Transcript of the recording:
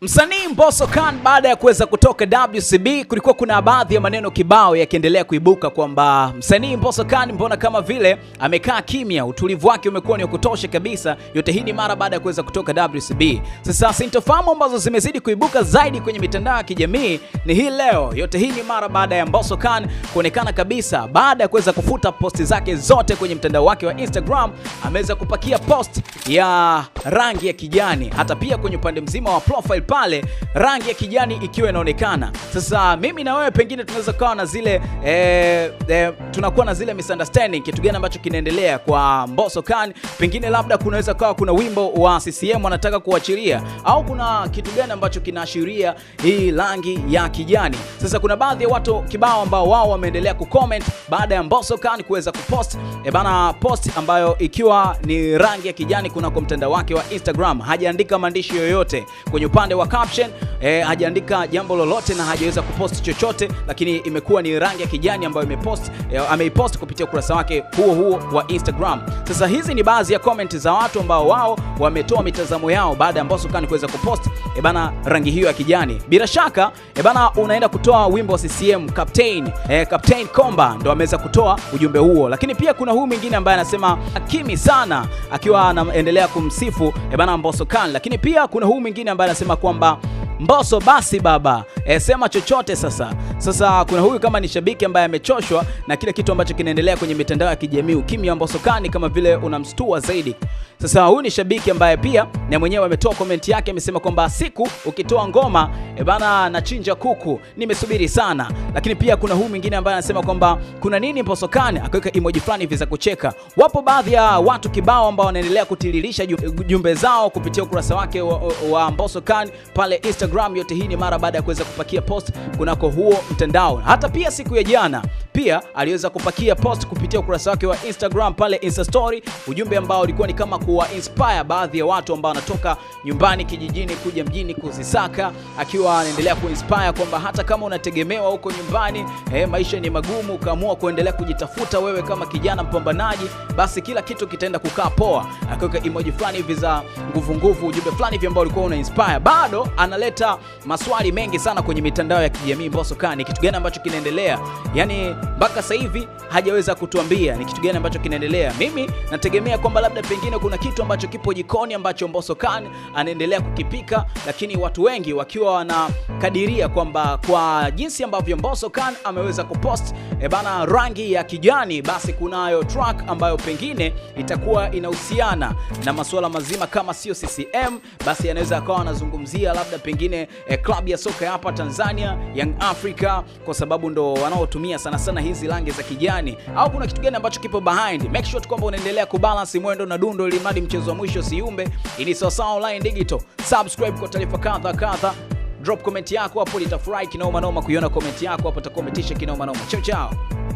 Msanii Mbosso Khan baada ya kuweza kutoka WCB, kulikuwa kuna baadhi ya maneno kibao yakiendelea kuibuka kwamba msanii Mbosso Khan mbona kama vile amekaa kimya, utulivu wake umekuwa ni kutosha kabisa. Yote hii ni mara baada ya kuweza kutoka WCB. Sasa sintofahamu ambazo zimezidi kuibuka zaidi kwenye mitandao ya kijamii ni hii leo. Yote hii ni mara baada ya Mbosso Khan kuonekana kabisa, baada ya kuweza kufuta posti zake zote kwenye mtandao wake wa Instagram, ameweza kupakia post ya rangi ya kijani, hata pia kwenye upande mzima wa profile pale rangi ya kijani ikiwa inaonekana. Sasa mimi na wewe pengine tunaweza kuwa na zile eh, eh, tunakuwa na zile misunderstanding, kitu gani ambacho kinaendelea kwa Mbosso Khan? Pengine labda kunaweza kuwa kuna wimbo wa CCM wanataka kuachilia, au kuna kitu gani ambacho kinaashiria hii rangi ya kijani? Sasa kuna baadhi ya watu kibao ambao wao wameendelea kucomment baada ya Mbosso Khan kuweza kupost e bana post ambayo ikiwa ni rangi ya kijani kuna kwa mtandao wake wa Instagram hajaandika maandishi yoyote kwenye upande wa caption eh, hajaandika jambo lolote na hajaweza kupost chochote, lakini imekuwa ni rangi ya kijani ambayo imepost eh, ameipost kupitia ukurasa wake huo huo wa Instagram. Sasa hizi ni baadhi ya comment za watu ambao wao wametoa mitazamo yao baada ya Mbosso Khan kuweza kupost eh, bana rangi hiyo ya kijani. Bila shaka eh, bana unaenda kutoa wimbo wa CCM Captain eh, Captain Komba ndo ameweza kutoa ujumbe huo, lakini pia kuna huyu mwingine ambaye anasema akimi sana akiwa anaendelea kumsifu maarufu e bana Mbosso Khan, lakini pia kuna huu mwingine ambaye anasema kwamba Mbosso basi baba e, sema chochote sasa. Sasa kuna huyu kama ni shabiki ambaye amechoshwa na kile kitu ambacho kinaendelea kwenye mitandao ya kijamii, ukimya wa Mbosso kani kama vile unamstua zaidi. Sasa huyu ni shabiki ambaye pia na mwenyewe ametoa comment yake, amesema kwamba siku ukitoa ngoma e bana, nachinja kuku nimesubiri sana. Lakini pia kuna huyu mwingine ambaye anasema kwamba kuna nini Mbosso kani, akaweka emoji fulani hivi za kucheka. Wapo baadhi ya watu kibao ambao wanaendelea kutiririsha jumbe zao kupitia ukurasa wake wa, wa Mbosso kani pale Instagram Instagram. Yote hii ni mara baada ya kuweza kupakia post kunako huo mtandao. Hata pia siku ya jana pia aliweza kupakia post kupitia ukurasa wake wa Instagram pale Insta story, ujumbe ambao ulikuwa ni kama kuwa inspire baadhi ya watu ambao wanatoka nyumbani kijijini kuja mjini kuzisaka, akiwa anaendelea kuinspire kwamba hata kama unategemewa huko nyumbani eh, maisha ni magumu, ukaamua kuendelea kujitafuta wewe kama kijana mpambanaji, basi kila kitu kitaenda kukaa poa. Akiweka emoji fulani hivi za nguvu nguvu, ujumbe fulani hivi ambao ulikuwa una inspire. Bado analeta maswali mengi sana kwenye mitandao ya kijamii. Mbosso Khan, kitu gani ambacho kinaendelea? Yani mpaka sasa hivi hajaweza kutuambia ni kitu gani ambacho kinaendelea. Mimi nategemea kwamba labda pengine kuna kitu ambacho kipo jikoni ambacho Mbosso Khan anaendelea kukipika, lakini watu wengi wakiwa wanakadiria kwamba kwa jinsi ambavyo Mbosso Khan ameweza kupost e bana rangi ya kijani, basi kunayo track ambayo pengine itakuwa inahusiana na masuala mazima, kama sio CCM basi anaweza akawa anazungumzia labda pengine e, klabu ya soka hapa Tanzania Young Africa, kwa sababu ndo wanaotumia sana sana hizi rangi za kijani au kuna kitu gani ambacho kipo behind. Make sure tu kwamba unaendelea kubalance mwendo na dundo, ili mradi mchezo wa mwisho siumbe. Ili Sawasawa Online Digital, subscribe kwa taarifa kadha kadha. Drop comment yako hapo, nitafurahi kinoma noma kuiona comment yako hapo, utakometisha kinoma noma. Chao chao.